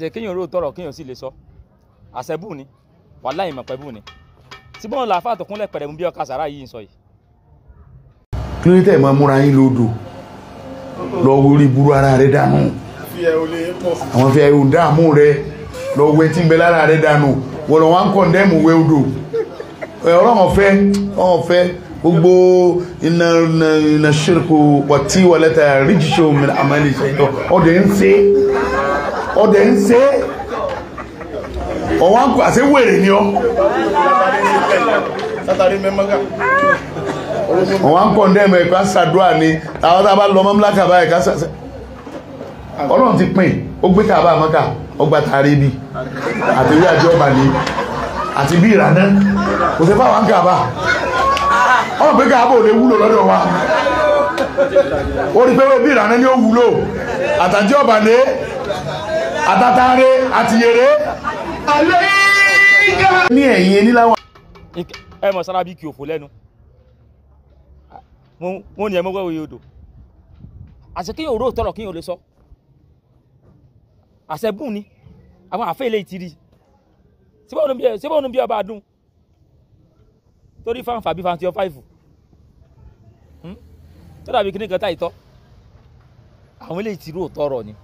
ṣe kéèyàn ró tọrọ kéèyàn sì lè sọ àṣẹbù ni wàhálà ìmọ̀pẹ́bù ni síbọn làáfà tó kúnlẹ̀ pẹ̀rẹ̀mú bí ọkà sàrà yìí ń sọ yìí. kí ló tẹ̀ máa múra yín lódò lọ wo orí burú ara rẹ dànù àwọn fi ẹ̀hún dààmú rẹ lọ wẹ tí ń bẹ lára rẹ dànù wọ́n lọ wá ń kọ̀ndẹ́mù wẹ odò ọlọ́run ọ̀fẹ́ ọ̀hún ọ̀fẹ́ gbogbo iná iná ṣírkù wàtí wàlẹ́tà ríjìṣẹ́ òmìnira àmàlẹ́ ìṣẹ́yìn ọ̀dẹ̀ ń ṣe é ọ̀dẹ̀ ń ṣe é ọ̀wá ń kọ àṣẹ wèrè ni ọ́ ọ̀wá ń kọ̀ ndẹ́mọ̀ ẹ̀ka ṣàdúrà ni àwọn tá a bá lọ mọ́mílá kàbá ẹ̀ka ṣàṣẹ ọlọ́run ti pín ó gbé kàbá àmọ́ká ọgbà tààrí bí àtẹ̀wé àjọ ọba ni àti bí ìrànà kò sí fáwọn kàbá ọ̀rọ̀ pé kàbá ò lè wúlò lọ́dọ̀ wa ó rí pé bí ìrànà ni ó wúlò àtàjọ ọba ni àtàtàrẹ àti yèrè alẹ́ ìgbà. ní ẹ̀yìn ẹni láwọn. ẹ mọ̀ sára bí kí òfò lẹ́nu mo ní ẹ mọ́gbẹ́ òye odò àṣẹ kí òró tọrọ kí n lè sọ àṣẹ bùn ni àwọn àfẹ́ ilé ìtìrì síbẹ̀ ònú bí ọba àdùn torí fáǹfà bí fáǹtì ọ fáìfù hmm? tó dàbí kíní kan táìtọ́ àwọn ilé ìtìrì ò tọrọ ni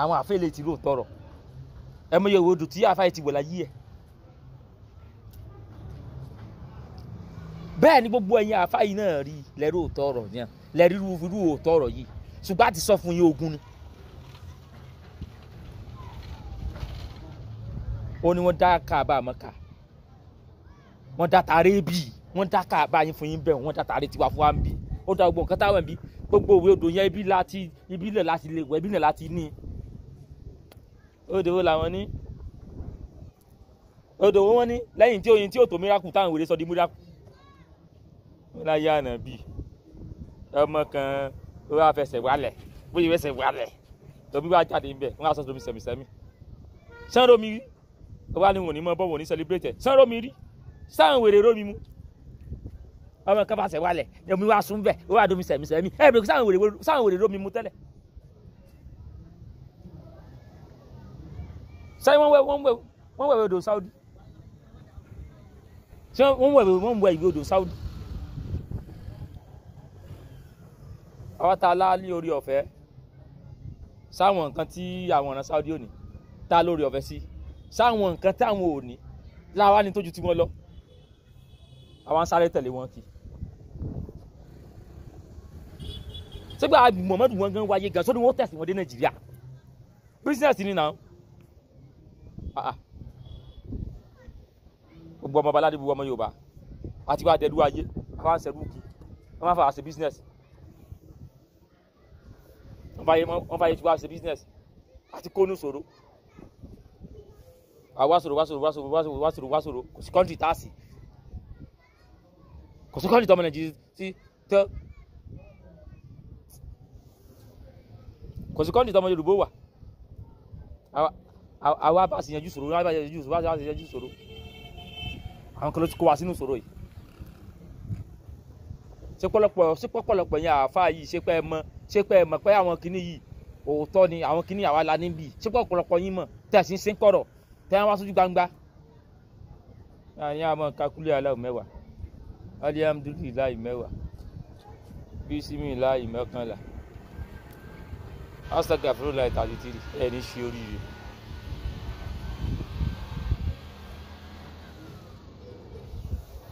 àwọn àfẹ́lẹ̀ ti lóòótọ́ rọ̀ ẹ mọ iye odò tí àfáà ti wọ̀ láyé ẹ̀ bẹ́ẹ̀ ni gbogbo ẹ̀yin àfáà yìí náà rí lẹ́rú òótọ́ ọ̀rọ̀ yẹn lẹ́rú irú òótọ́ ọ̀rọ̀ yìí ṣùgbọ́n àti sọ fún yín ogun ni. ó ní wọ́n dá káàbà mọ́ka wọ́n dá tààrí bì wọ́n dá káàbà yín fún yín bẹ́ẹ̀ wọ́n dá tààrí tiwa fún wa ń bì ó dá gbogbo nǹkan táwọn ń bì gbogbo òwe odò yẹn ibi láti ibi náà láti lè wọ ibi náà láti ní odò wo làwọn ní odò wo wọ́n ní lẹ́yìn tí oyin tí ò tó miracle táwọn wèrè sọ di miracle wọ́n láyé ànábì ọmọ kan ó wá fẹsẹ̀ wálẹ̀ bó ṣe fẹsẹ̀ wálẹ̀ tòmí wá jáde níbẹ̀ wọ́n á sọ tòmí sẹ̀mísẹ̀mí sanro mi rí ó wá ní wọn ò ní mọ bọ́wọ́ ní celebrate sanro mi rí sáwọn wèrè rómi mu ọmọ kan fàṣẹ wálẹ̀ ẹ̀mí wá sún bẹ̀ ó wá domi sẹ̀mísẹ̀mí ẹ̀ bẹ̀rẹ̀ sáwọn wèrè rómi mu tẹ́lẹ̀ sáré wọ́n wẹ̀ wọ́n wẹ̀ wọ́n wẹ̀ odò saudi ṣé wọ́n wẹ̀ wọ́n wẹ̀ ìwé odò saudi. àwa ta láàlì orí ọ̀fẹ́ sáwọn nǹkan tí àwọn ọ̀ràn saudi ò ní ta lórí ọ̀fẹ́ sí sáwọn nǹkan táwọn ò ní láwa ni tójú tí wọ́n lọ àwa ń sáré tẹ̀lé wọn kì í. sígbà Muhammadu wọn gan wáyé gan sódì wọn tẹ̀sí wọn dé nàìjíríà bísíǹsì ni náà. Ah, ah. gbogbo ọmọ baládé gbogbo ọmọ yorùbá àti wá dẹdú ayé wọn á sẹdú kí wọn máa fà á ṣe business wọn fà yé tí wá ṣe business àti kónú sòrò àwa sòrò wá sòrò wá sòrò wá sòrò wá sòrò wá sòrò kò sí kọ́ńtì tá a sì kò sí kọ́ńtì tọmọ nàìjíríà sí tẹ kò sí kọ́ńtì tọmọ yorùbá wà àwa bá sì yanjú sọ̀rọ̀ bá sì yanjú sọ̀rọ̀ bá sì yanjú sọ̀rọ̀ àwọn kan ló ti kó wa sínú sọ̀rọ̀ yìí sepọlọpọ sepọpọlọpọ yẹn àáfàá yìí sepẹ mọ sepẹ mọ pé àwọn kinní yìí òótọ́ ni àwọn kinní àwa la níbí sepọpọlọpọ yín mọ tẹsí ń sẹńkọrọ tẹ wọn wá sójú gbangba àyìn àmọ kakule aláwọ mẹ́wàá alihamdulilayi mẹ́wàá bisimilayi mẹ́kànlá asagafurulayi tàbí tiri ẹni ṣe oríire.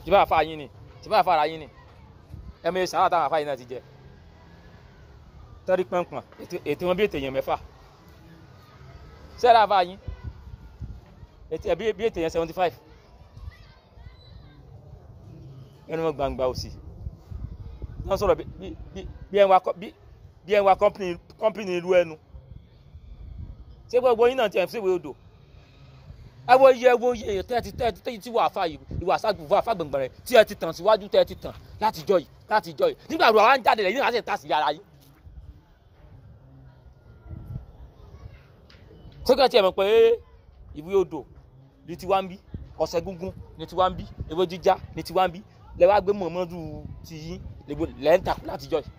tí bá fa yín ni tí bá fara yín ni ẹ mọ ìsàn àtàwọn àfáyín náà ti jẹ tọ́rí pọ̀npọ̀n ètò wọn bí ètò èèyàn mẹ́fà sẹ́ra àfáyín ètò ẹ̀bí bí ètò èèyàn seventy five ẹnu wọn gbangba òsì wọn sọ̀rọ̀ bí ẹ̀ ń wa kọ́mpìnì irú ẹnu ṣé gbogbo yín náà ti ẹ̀ ń ṣèwé odò ẹ wo iye wo iye tẹ ti tẹ ti tẹ ti wà fa ìwà ságbùfà tí ẹ ti tàn síwájú tẹ tàn láti jọ yìí láti jọ yìí nígbà wo àwọn jáde rẹ yìí náà ṣe ta sí yàrá yìí. sókè tí ẹ mọ̀ pé ìwé odò ni tiwa ń bí ọ̀sẹ̀ gúngún ni tiwa ń bí ewé jíjá ni tiwa ń bí lẹ wá gbé mọ̀mọ́dù ti yín lẹ́ ń takú láti jọ yìí.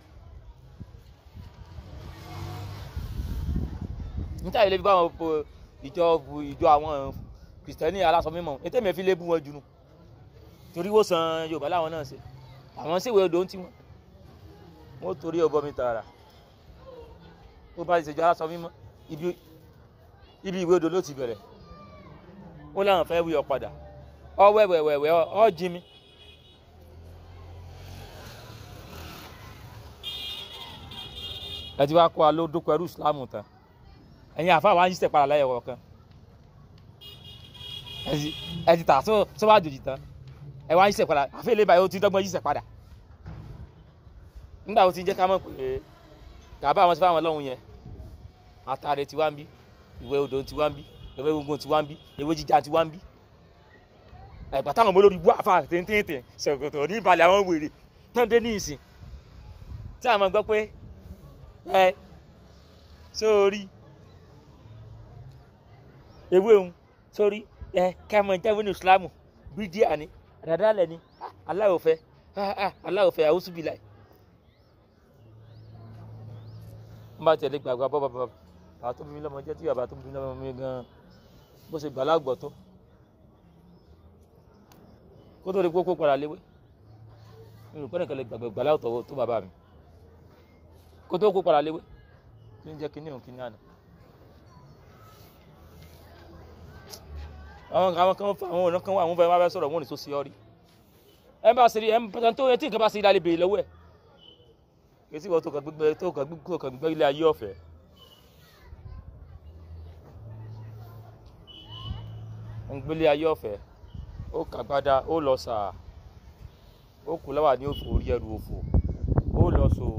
níta yìí àwọn ìjọ kìrìsìtẹ́nì aláṣọ mímọ́ ètò èmi fi lé bú wọn jù nù torí wò sàn yorùbá làwọn náà ṣe àwọn ṣèwé odò ń tiwọn wọn ò torí ọbọ mi tààrà ó bá ìṣèjọ aláṣọ ibi ibi ìwé odò ló ti bẹ̀rẹ̀ ó láwọn fẹ́ wí ọ padà ọ wẹ̀wẹ̀wẹ̀wẹ̀ ọ jí mi. ẹ ti wá kó a ló dókòó ẹrú ìsìlámù tán ẹ̀yin àfa wa ń yí sẹ̀ padà láyẹ̀wọ̀ kan ẹ ti tà tó tó bá jòjì tán ẹ wá yíṣẹ́ padà àfi ilé báyìí ó ti dọ́gbọ́n yíṣẹ́ padà nígbà tó ti jẹ́ ká mọ̀ pé kàbá àwọn ti fáwọn ọlọ́run yẹn àtàrẹ ti wá ń bí ìwé odò ti wá ń bí ewé gungun ti wá ń bí ewé jíjà ti wá ń bí ẹ̀gbà táwọn ọmọ olórí bú àfa tẹ́ntẹ́ntẹ́ ṣòkòtò ní ìbalẹ̀ àwọn wèrè tán dé ní ìsìn tí àwọn gbọ́ pé ẹ sórí ewé òun sórí ẹ kẹmọ ntẹwénu islamu bídí àní dada lẹni aláwọ fẹ aláwọ fẹ àwùsù bìlà yìí. wọ́n bá tẹ̀lé gbàgbà bọ́ bàbá bàbá tó bí lọ́mọ jẹ́ tí bàbá tó bí lọ́mọ mi gan-an bó ṣe gbàlágbọ̀ tó kó tó di kókó padà léwé olùkọ́ nìkan lè gbàgbé gbàláwọ̀ tó bàbá mi kó tó kó padà léwé tó ń jẹ́ kínní òun kínní àná. àwọn àwọn kan fa àwọn ọ̀nà kan wà àwọn fẹ́ wá fẹ́ sọ̀rọ̀ wọn ní tó ṣe ọ rí ẹ bá ṣe rí ẹ bá tó etí nǹkan bá ṣe lálẹ́ bèrè lọ́wọ́ ẹ̀ kìsì wọ́n tó kàn gbígbẹ́ tó kàn gbígbẹ́ kàn gbígbẹ́ ilé ayé ọ̀fẹ́. ń gbélé ayé ọ̀fẹ́ ó kàgbádá ó lọ sàá ó kù láwà ní òfò orí ẹrù òfò ó lọ sòwò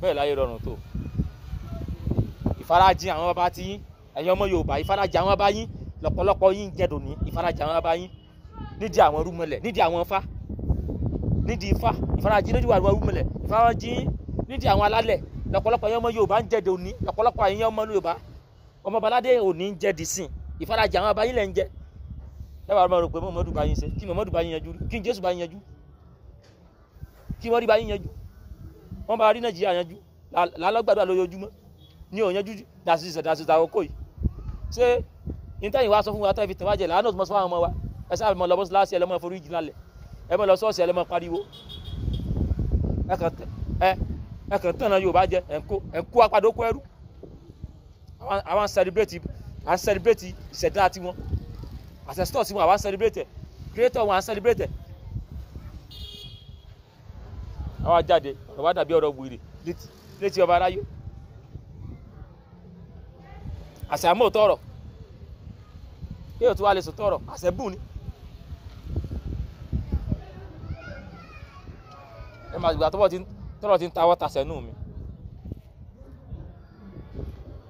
bẹ́ẹ̀ láyé rọrùn tó ìfarajìn àwọn bàbá ti yín ẹ̀yin ọmọ yorùbá ìfarajì àwọn bá yín lọ́pọ̀lọpọ̀ yín jẹ́dùn ní ìfarajì àwọn bá yín nídìí àwọn rúmọlẹ̀ nídìí àwọn fa nídìí ifá ìfarajì nídìí àwọn rúmọlẹ̀ ìfarajì nídìí àwọn alálẹ̀ lọ́pọ̀lọpọ̀ ẹ̀yin ọmọ yorùbá ń jẹ́dùn ní lọ́pọ̀lọpọ̀ ẹ̀yin ọmọ yorùbá ọmọ baládé òní ń jẹ́ dìsìn ìfarajì àwọn bá yín lẹ̀ ń jẹ́ ẹwà ọmọ rò pé mọ̀mọ́dù bá yín ṣe kí mọ̀mọ́dù bá yín yanjú kí jésù bá yín yanjú kí wọ́n rí bá yín yanjú wọ́n bá rí nàìjíríà yanjú lálọ́gbàdúrà lójoojúmọ́ ní òun yanjú dàsí ìṣẹ̀dásí ìṣẹ̀dá ṣé intanet wa sọ fún wa tẹ́ fi tẹ̀ wá jẹ làánà tó mọ sọ fún àwọn ọmọ wa ẹ sáà mọ lọ́bọ̀ síláṣí ẹ lọ́mọ forí jìnnà lẹ̀ lọ sọ́ọ̀sì ẹ pariwo ẹ kàn tán náà jẹ ẹ kó ẹrú àwọn celebrate àwọn celebrate ìṣẹ̀dá tiwọn tiwọn àwọn celebrate wọn àwọn àwọn àṣàmọ́ tọrọ kí o tún wá lè sọ tọrọ àṣẹbù ni ẹ máa gbà tọrọ ti ń tawọ́ tasẹ̀ nù mi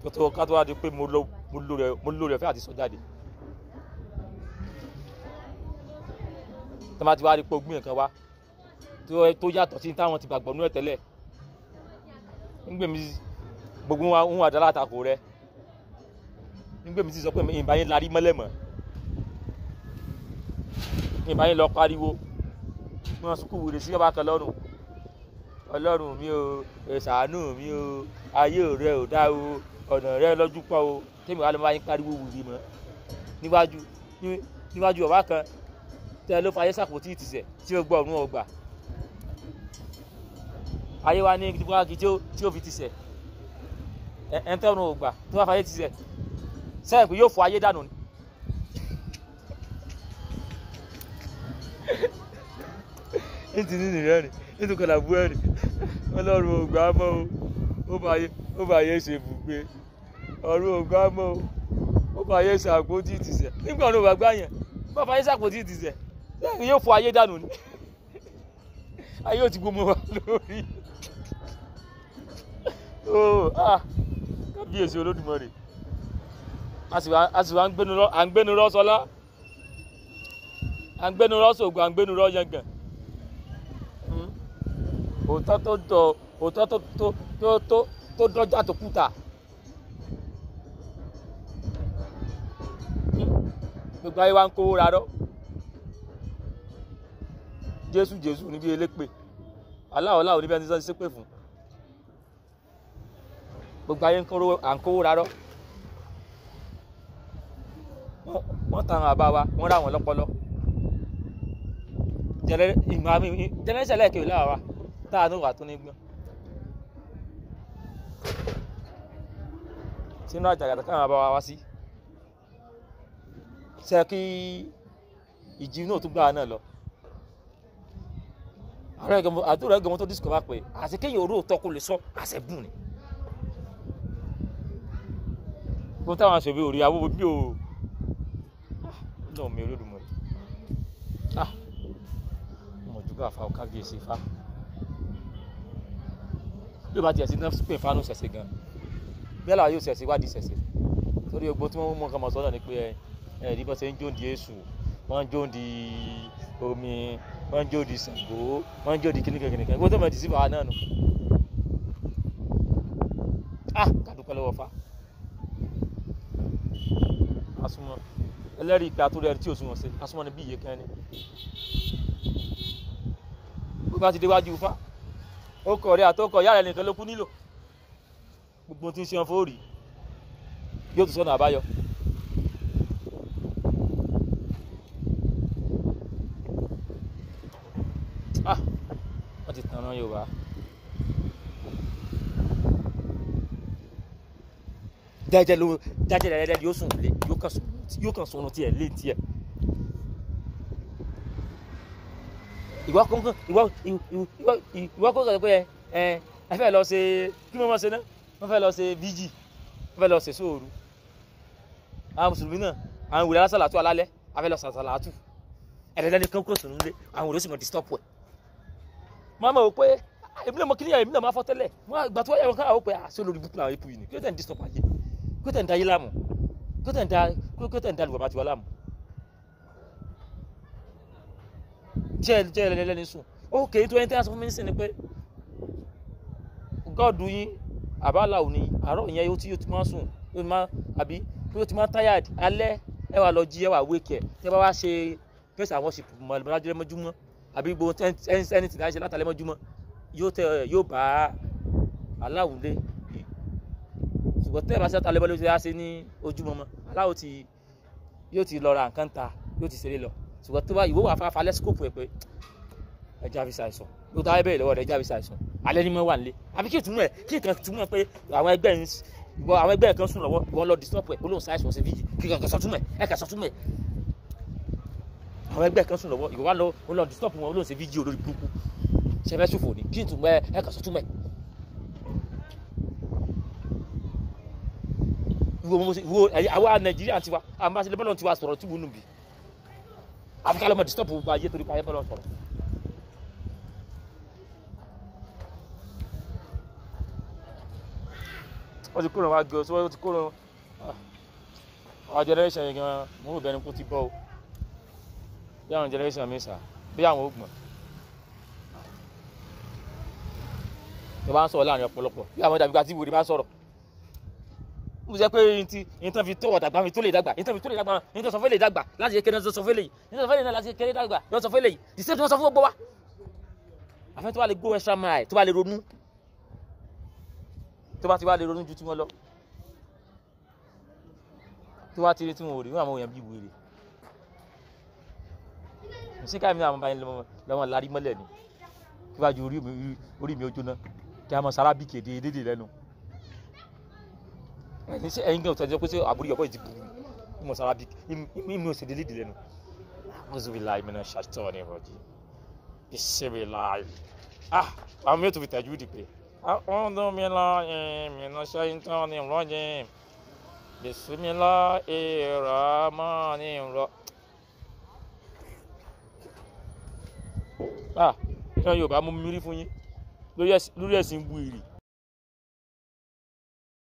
kí o tó ká tó wá di pé mo lórí ọ̀fẹ́ àti sọ jáde tó máa ti wá di pé ogún nǹkan wá tó yàtọ̀ sí táwọn ti gbàgbọ́ nú ẹ̀ tẹ́lẹ̀ ń gbèmí gbogbo wọn ń wà dá látakò rẹ̀ nígbà mi ti sọ pé ìbá yín larí mọ́lẹ̀ mọ́ ìbá yín lọ pariwo mo sùkúù wèrè sí ọba kan lọ́rùn ọlọ́run mi o ṣàánú mi o ayé rẹ ò dá o ọ̀nà rẹ lọ́jú pọ̀ o tèmi wà ló máa ń pariwo wùdí mọ́ níwájú níwájú ọba kan tẹ ló fa ayé sàpótí ìtìsẹ̀ tí ó gbọ́ ọ̀run ọgbà ayé wa ní ibi tí ó fi tìsẹ̀ ẹ̀ ń tọ́nu ọgbà tó bá fa ayé tìsẹ̀ sẹ́yìn pé yóò fọ ayé dànù ni. ètò nínú rẹ rè ètò kọlà bú ẹ rè ọlọ́run ògbà mọ́ o ó bá yẹ ṣe bùgbé ọ̀run ògbà mọ́ o ó bá yẹ ṣe àpótí ìtìsẹ̀ nígbà ọ̀run ògbà gbà yẹn bá bá yẹ ṣe àpótí ìtìsẹ̀ sẹ́yìn yóò fọ ayé dànù ni ayé ò ti gbó mọ́ wa lórí. Oh, ah. kábíyèsí olódùmarè a sì wá ń gbénurọ́ sọlá à ń gbénurọ́ sògùn à ń gbénurọ́ yangàn hmm. òótọ́ tó dọ̀ òótọ́ tó tó tó tó dọ́jà tó kúta. gbogbo ayé wa ń kówó rarọ́ jésù jésù níbi elépè aláwọ̀láwọ̀ níbi ẹni tí wọ́n ti fún gbogbo ayé ń kówó rarọ́. táwọn àbá wa wọ́n rà wọ́n lọ́pọlọ jẹnẹsẹ̀ lẹ́ẹ̀kejì láwa wa táà ní wà tó ní gbọ́n. sínú àjàgàtà káwọn àbá wa wá sí ṣe kí ìjì náà tún gbára náà lọ àdúrà ẹgbẹ̀mọ́ tó discover pé àti kéèyàn oró tọ́kù lè sọ àṣẹ̀bùn ni. gbọ́n táwọn aṣèwé ò rí àwọn bí o lọ́dọ̀ mi olódùmarè ah mọ̀júgà fa kábíyèsí fa bí o bá tiẹ̀ sí náà pè fánú ṣẹ̀ṣẹ̀ gan bẹ́ẹ̀ làwọn yóò ṣẹ̀ṣẹ̀ wádìí ṣẹ̀ṣẹ̀ torí ogbó tí wọ́n mú ọkàn mọ̀ sọ́dọ̀ ni pé ẹ ẹ̀rí bọ́sẹ̀ ń jóǹdì èṣù wọ́n ń jóǹdì omi wọ́n ń jóǹdì Ṣàngó wọ́n ń jóǹdì kíníkan kíníkan gbọ́dọ̀ mọ̀ dìsí fàá náà nù ah kàdúpẹ́ lọ́wọ́ fa asúmọ́ ẹlẹ́rìí ìpè àtúrò ẹ̀rí tí òṣùwọ̀n ṣe asúnmọ́ni bí iye kan ni bó bá ti déwájú Ifá ó kọ̀ rẹ̀ àtọkọ̀ yára ẹnìkan ló kú nílò gbogbo tí ń ṣe wọn fóòrì yóò tún sọ̀nà àbáyọ. Ah, wọ́n ti tanná Yorùbá. jẹ́jẹ́ ló jẹ́jẹ́ rẹ̀ yóò sùn lé yóò kàn sùn yóò kàn sọ̀rọ̀ tiẹ̀ lé tiẹ̀ ìwà kankan ìwà ìwà ìwà kankan pé ẹ ẹ fẹ́ lọ ṣe kí wọ́n máa ṣe náà wọ́n fẹ́ lọ ṣe bíjì wọ́n fẹ́ lọ ṣe sóòru àwọn mùsùlùmí náà àwọn ìwòlẹ́ alásàlátù alálẹ́ afẹ́ lọ sàlátù ẹ̀rẹ́dá ni kankan sùn nílé àwọn ìwòlẹ́ sì mọ̀ disturb ẹ̀ máa mọ̀ pé èmi náà mọ kíníyà èmi náà máa fọ́ tẹ́lẹ̀ ìgbà tó wáyà wọn káwọ́ pé àṣẹ ah, olórí búkú làwọn èpù yìí ni kí ló tẹ̀ ń disturb ayé kí ló kó tẹ̀ ń da kó tẹ̀ ń da lù bàbá tiwa láàmú jẹ́ jẹ́ ẹlẹ́lẹ́ni sùn ó kéé tó ẹni tí a sọ fún mi sí ni pé gọ́ọ̀dù yín àbálà òní àárọ̀ ìyẹn yóò ti yóò ti máa sùn yóò ti máa àbí yóò ti máa tired alẹ́ ẹ wà lọ jí ẹ wà wake ẹ tí ẹ bá wá ṣe praise and worship mọ̀lẹ́mọ́lájọ́ mọ́júmọ́ àbí gbogbo ẹni tí ṣe látàlẹ́ yóò bá aláwùlé ṣùgbọ́n tẹ́ ẹ̀ bá ṣe àtàlẹ́bọ́ ló ti á ṣe ní ojúmọmọ aláwọ̀ ti yóò ti lọ ra nǹkan ta yóò ti ṣeré lọ ṣùgbọ́n tó bá ìwọ wà fáfá lẹ́síkòpù ẹ̀ pé ẹja fi ṣàìsàn ló ta bẹ́ẹ̀ lọ́wọ́ rẹ̀ ẹja fi ṣàìsàn alẹ́ ni mo wà nílé àbí kí ìtumọ̀ ẹ̀ kí ìkan túmọ̀ pé àwọn ẹgbẹ́ ń ìwọ àwọn ẹgbẹ́ kan sùn lọ́wọ́ ìwọ lọ disturb ẹ̀ olóhùn ṣàìsàn ṣe fíjì kí ìkan sọ túmọ̀ ẹ̀ ẹ̀ka sọ túmọ̀ ẹ̀ àwọn ẹgbẹ́ kan sùn lọ́wọ́ ìwọ wà lọ disturb wọn olóhùn ṣe fíjì olórí burúkú ṣẹfẹ́ ṣòfò ni kí ìtumọ̀ ẹ̀ ẹ̀ka sọ túmọ̀ ẹ̀ wo mo wo eh, àwa nàìjíríà tiwa àmàṣẹlẹ bọlọ tiwa sọ̀rọ̀ tí wọnú bi àfikà lọmọ disturb gbogbo ayé torí pa ayé bọlọ sọ̀rọ̀. wọ́n ti kúrò wá gan so wọ́n ti kúrò àwọn ah, generation yẹn gan mo rò bẹni kó ti bọ́ o bí àwọn generation mi sà bí àwọn ògbọ̀n tó bá ń sọ̀rọ̀ láàrin ọ̀pọ̀lọpọ̀ bí àwọn dàbí gba tí ìwòrì bá ń sọ̀rọ̀ ó jẹ́ pé nǹkan fi tó ọ̀dàgbà mi tó lè dàgbà nǹkan fi tó lè dàgbà nǹkan sọ fẹ́lẹ̀ dàgbà láti ṣe kéré sọ fẹ́lẹ̀ yìí nǹkan sọ fẹ́lẹ̀ náà láti ṣe kéré dàgbà yọ sọ fẹ́lẹ̀ yìí the same tí wọ́n sọ fún gbogbo wa. àfẹ́ tó bá lè go extra mile tó bá lè ronú tó bá ti wá lè ronú ju tí wọ́n lọ tó bá ti rí tí wọ́n ò rí wọ́n àwọn èèyàn bí wèrè sí káàmì àwọn ọmọ ẹni lọ́mọ larí mọ́lẹ̀ ni kí wájú orí mi ojóná kí a mọ sárábì kéde dédè lẹ́nu ẹ̀yin ṣe ẹ̀yin gbọ́dọ̀ tọ́jú pé ṣé àbúrò yọ̀bọ̀ ìdí burú ìmọ̀ sára bí ìmọ̀ ṣe délé ìdílé nu alhamdulilayi mi náà ṣàtọ́ ní ìrọ̀jì bisimilayi ah àwọn yóò tún fi tẹ̀jú dìpé alhamdulilayi mi náà ṣàtọ́ ní ìrọ̀jì bisimilayi rahmani rọ. ah ìran yorùbá mú mi rí fún yín lórí ẹ̀sìn gbúiri.